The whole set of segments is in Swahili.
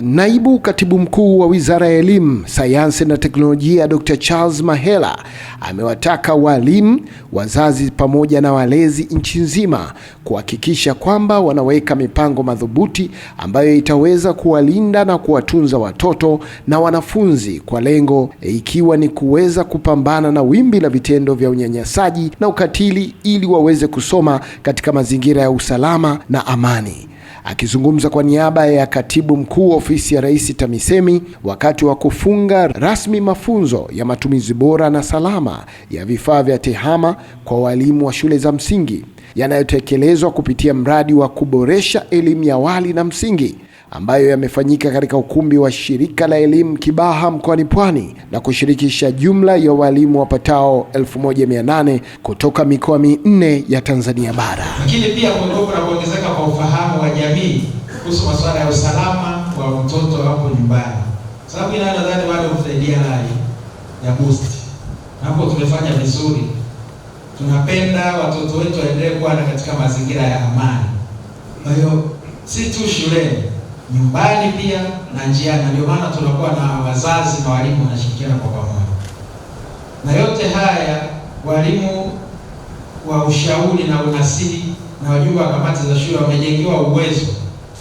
Naibu Katibu Mkuu wa Wizara ya Elimu, Sayansi na Teknolojia, Dr. Charles Mahela amewataka walimu, wazazi pamoja na walezi nchi nzima kuhakikisha kwamba wanaweka mipango madhubuti ambayo itaweza kuwalinda na kuwatunza watoto na wanafunzi kwa lengo ikiwa ni kuweza kupambana na wimbi la vitendo vya unyanyasaji na ukatili ili waweze kusoma katika mazingira ya usalama na amani. Akizungumza kwa niaba ya katibu mkuu ofisi ya Rais TAMISEMI wakati wa kufunga rasmi mafunzo ya matumizi bora na salama ya vifaa vya TEHAMA kwa walimu wa shule za msingi yanayotekelezwa kupitia mradi wa kuboresha elimu ya awali na msingi ambayo yamefanyika katika ukumbi wa shirika la elimu Kibaha mkoani Pwani na kushirikisha jumla ya walimu wapatao 1800 kutoka mikoa minne ya Tanzania bara. Lakini pia kuondoka na kuongezeka kwa ufahamu wa jamii kuhusu masuala ya usalama wa mtoto hapo nyumbani, sababu ina nadhani bado kusaidia hali ya boost hapo, tumefanya vizuri. Tunapenda watoto wetu waendelee kuwa katika mazingira ya amani, kwa hiyo si tu shuleni nyumbani pia na njiani. Ndio maana tunakuwa na wazazi na walimu wanashirikiana kwa pamoja, na yote haya walimu wa ushauri na unasiri na wajumbe wa kamati za shule wamejengewa uwezo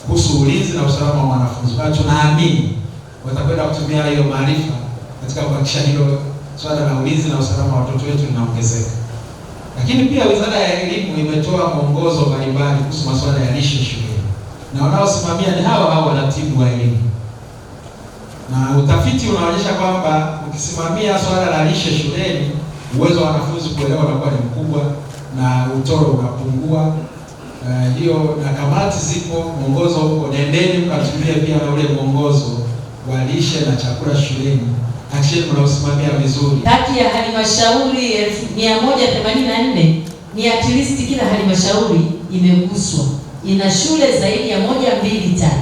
kuhusu ulinzi na usalama wa wanafunzi. Kwa tunaamini watakwenda kutumia hiyo maarifa katika kuhakikisha hilo swala la ulinzi na usalama wa watoto wetu linaongezeka. Lakini pia Wizara ya Elimu imetoa mwongozo mbalimbali kuhusu masuala ya lishe shuleni na wanaosimamia ni hawa hao waratibu wa elimu, na utafiti unaonyesha kwamba ukisimamia swala la lishe shuleni, uwezo wa wanafunzi kuelewa unakuwa ni mkubwa na utoro unapungua. Hiyo uh, na kamati zipo, mwongozo huko, nendeni mkatumie pia na ule mwongozo wa lishe na chakula shuleni akisheni mnausimamia vizuri. Kati ya halmashauri 1184 ni at least kila halmashauri imeguswa ina shule zaidi ya moja, mbili, tatu.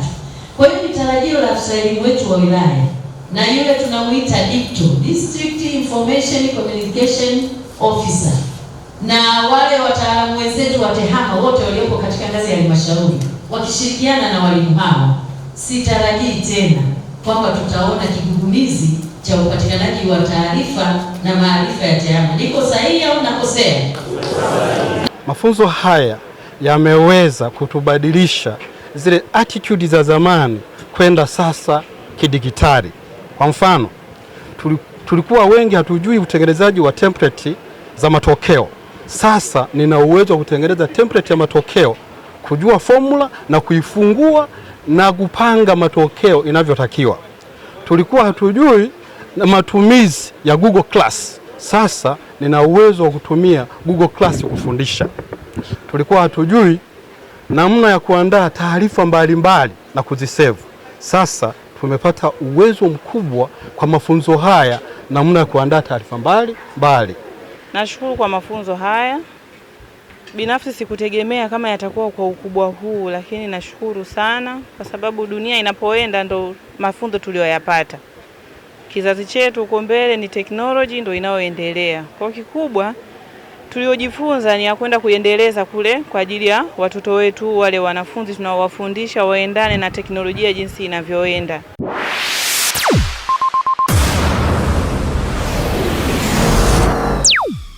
Kwa hiyo ni tarajio la afisa elimu wetu wa wilaya na yule tunamuita DICTO, District Information Communication Officer, na wale wataalamu wenzetu wa TEHAMA wote waliopo katika ngazi ya halmashauri wakishirikiana na walimu hao, sitarajii tena kwamba tutaona kigugumizi cha upatikanaji wa taarifa na maarifa ya TEHAMA. Niko sahihi au nakosea? Mafunzo haya yameweza kutubadilisha zile attitude za zamani kwenda sasa kidigitali. Kwa mfano, tulikuwa wengi hatujui utengenezaji wa template za matokeo. Sasa nina uwezo wa kutengeneza template ya matokeo, kujua formula na kuifungua na kupanga matokeo inavyotakiwa. Tulikuwa hatujui na matumizi ya Google Class. Sasa nina uwezo wa kutumia Google Class kufundisha tulikuwa hatujui namna ya kuandaa taarifa mbalimbali na kuzisevu. Sasa tumepata uwezo mkubwa kwa mafunzo haya, namna ya kuandaa taarifa mbali mbali. Nashukuru kwa mafunzo haya, binafsi sikutegemea kama yatakuwa kwa ukubwa huu, lakini nashukuru sana kwa sababu dunia inapoenda ndo mafunzo tuliyoyapata. Kizazi chetu huko mbele ni teknoloji ndo inayoendelea kwa kikubwa tuliojifunza ni ya kwenda kuendeleza kule kwa ajili ya watoto wetu, wale wanafunzi tunaowafundisha waendane na teknolojia jinsi inavyoenda.